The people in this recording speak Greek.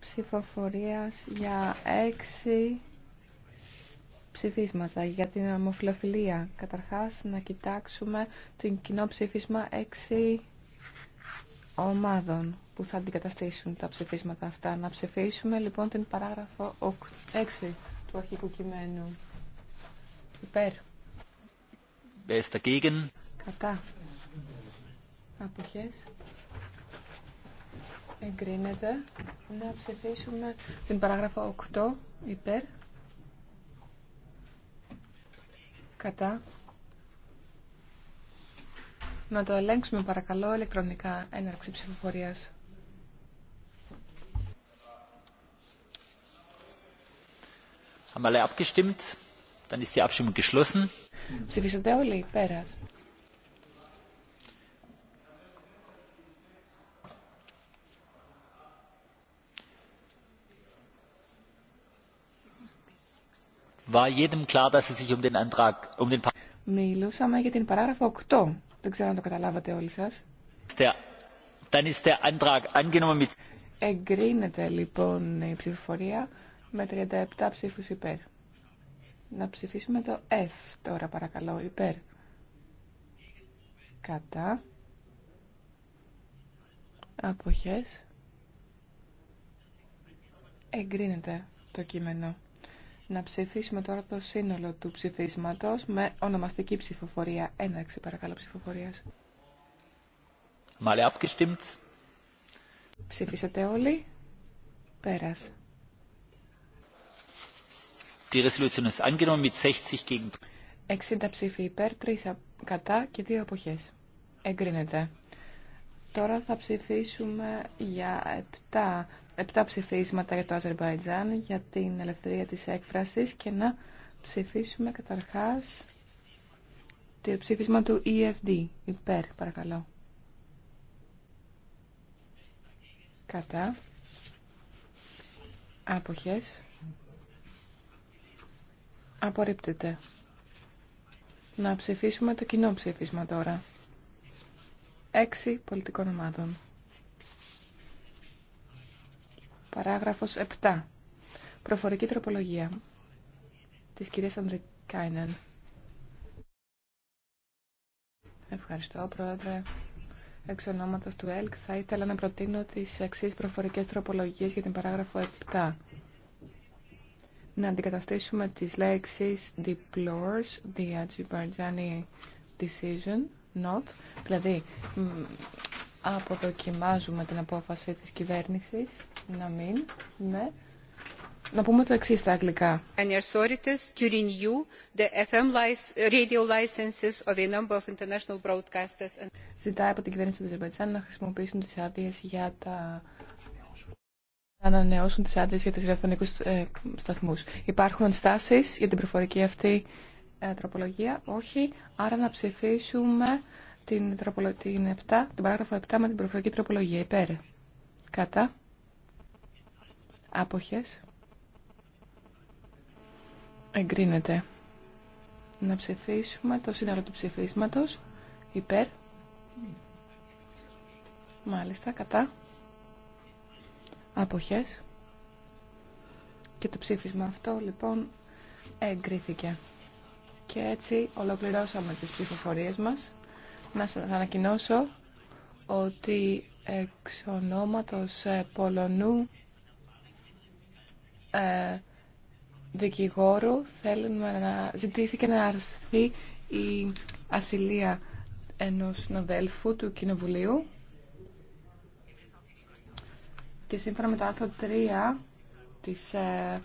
ψηφοφορίας για έξι ψηφίσματα για την ομοφιλοφιλία. Καταρχάς να κοιτάξουμε το κοινό ψήφισμα έξι ομάδων που θα αντικαταστήσουν τα ψηφίσματα αυτά. Να ψηφίσουμε λοιπόν την παράγραφο 6 του αρχικού κειμένου. Υπέρ. Κατά. Αποχές. Εγκρίνεται. Να ψηφίσουμε την παράγραφο 8 υπέρ. Κατά. Να το ελέγξουμε παρακαλώ ηλεκτρονικά έναρξη ψηφοφορία. Haben alle Dann ist die Abstimmung geschlossen. Ψηφίσατε όλοι, πέρας. Μιλούσαμε για την παράγραφο 8. Δεν ξέρω αν το καταλάβατε όλοι σας. Εγκρίνεται λοιπόν η ψηφοφορία με 37 ψήφους υπέρ. Να ψηφίσουμε το F τώρα παρακαλώ, υπέρ. Κατά. Αποχές. Εγκρίνεται το κείμενο. Να ψηφίσουμε τώρα το σύνολο του ψηφίσματος με ονομαστική ψηφοφορία. Έναρξη παρακαλώ ψηφοφορίας. Μάλε Ψήφισατε όλοι. Πέρας. Die Resolution ist angenommen mit 60 gegen 60 ψήφοι υπέρ, 3 κατά και 2 αποχές. Εγκρίνεται. Τώρα θα ψηφίσουμε για 7, 7 ψηφίσματα για το Αζερβαϊτζάν για την ελευθερία της έκφρασης και να ψηφίσουμε καταρχάς το ψήφισμα του EFD. Υπέρ, παρακαλώ. Κατά. Άποχες. Απορρίπτεται. Να ψηφίσουμε το κοινό ψήφισμα τώρα έξι πολιτικών ομάδων. Παράγραφος 7. Προφορική τροπολογία της κυρίας Ανδρικάινεν. Ευχαριστώ, Πρόεδρε. Εξ ονόματος του ΕΛΚ θα ήθελα να προτείνω τις εξής προφορικές τροπολογίες για την παράγραφο 7. Να αντικαταστήσουμε τις λέξεις deplores the Azerbaijani decision not, δηλαδή αποδοκιμάζουμε την απόφαση της κυβέρνησης να μην, ναι. Να πούμε το εξή στα αγγλικά. Ζητάει από την κυβέρνηση του Αζερβαϊτζάν να χρησιμοποιήσουν τις άδειες για τα να ανανεώσουν τις άδειες για τις ραδιοφωνικούς ε, σταθμούς. Υπάρχουν στάσεις για την προφορική αυτή ε, τροπολογία. Όχι. Άρα να ψηφίσουμε την, τροπολο... την, 7, παράγραφο 7 με την προφορική τροπολογία. Υπέρ. Κατά. Άποχες. Εγκρίνεται. Να ψηφίσουμε το σύνολο του ψηφίσματος. Υπέρ. Μάλιστα. Κατά. Άποχες. Και το ψήφισμα αυτό λοιπόν εγκρίθηκε. Και έτσι ολοκληρώσαμε τις ψηφοφορίες μας. Να σας ανακοινώσω ότι εξ ονόματος ε, Πολωνού ε, δικηγόρου θέλουμε να ζητήθηκε να αρθεί η ασυλία ενός νοδέλφου του Κοινοβουλίου και σύμφωνα με το άρθρο 3 της ε,